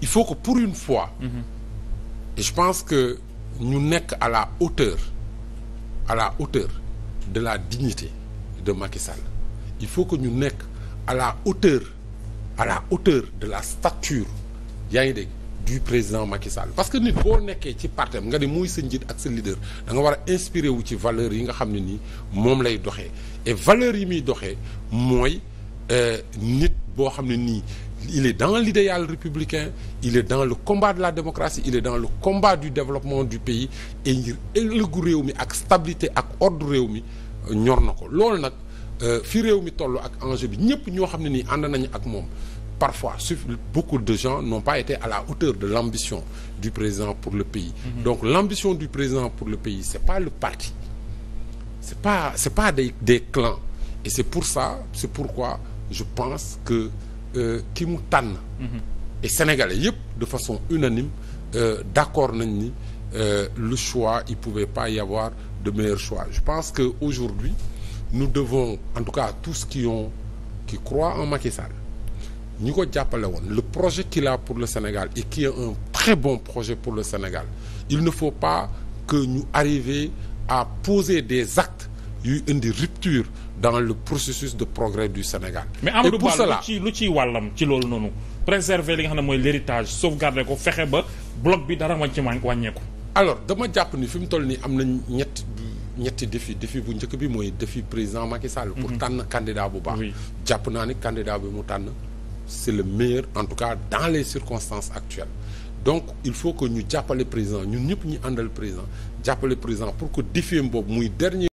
il faut que pour une fois je pense que ñu nekk à la hauteur à la hauteur de la dignité de Macky il faut que ñu nekk à la hauteur à la hauteur de la stature yaa ngi dégg du président Macky Sall parce que nit boo nekkee ci partem nga ne mooy sa njiit ak sa leader da nga war a wu ci valeur yi nga xam ne nii moom lay doxee et valeurs yi muy doxee mooy euh, nit boo xam ne nii il est dans l'idéal républicain il est dans le combat de la démocratie il est dans le combat du développement du pays et ngir ëllëgu réew mi ak stabilité ak ordre réew mi ñor na ko loolu nag euh, fi réew mi toll ak enjeu bi ñëpp ñoo xam ne nii ànd nañu ak moom parfois beaucoup de gens n'ont pas été à la hauteur de l'ambition du président pour le pays mm -hmm. donc l'ambition du président pour le pays c'est pas le parti c'est pas c'est pas des des clans pour ça c'est pourquoi je pense que euh, ki mu tànn mhm. et sénégalais yëpp de façon unanime euh, d'accord nañ ni euh, le choix il pouvait pas y avoir de meilleur choix je pense que aujourd'hui nous devons en tout cas tous qui ont qui croient en Macky Sall ñi ko jàppale woon le projet qu'il a pour le Sénégal et qui est un très bon projet pour le Sénégal il ne faut pas que ñu arriver à poser des actes yu indi rupture dans le processus de progrès du Sénégal. mais Amadou Ba lu ci lu ciy wàllam ci loolu noonu préserver li nga xam ne mooy l'héritage sauvegarder ko fexe ba bloc bi dara wàññi wàññeeku. alors dama jàpp ni fi mu toll nii am na ñett ñetti défi défi bu njëkk bi mooy défi président Macky Sall. pour mhm. tànn candidat bu baax. jàpp naa ne candidat bi mu tànn c'est le meilleur en tout cas dans les circonstances actuelles. donc il faut que ñu jàppale président ñun ñëpp ñu àndal président jàppale président pour que boobu muy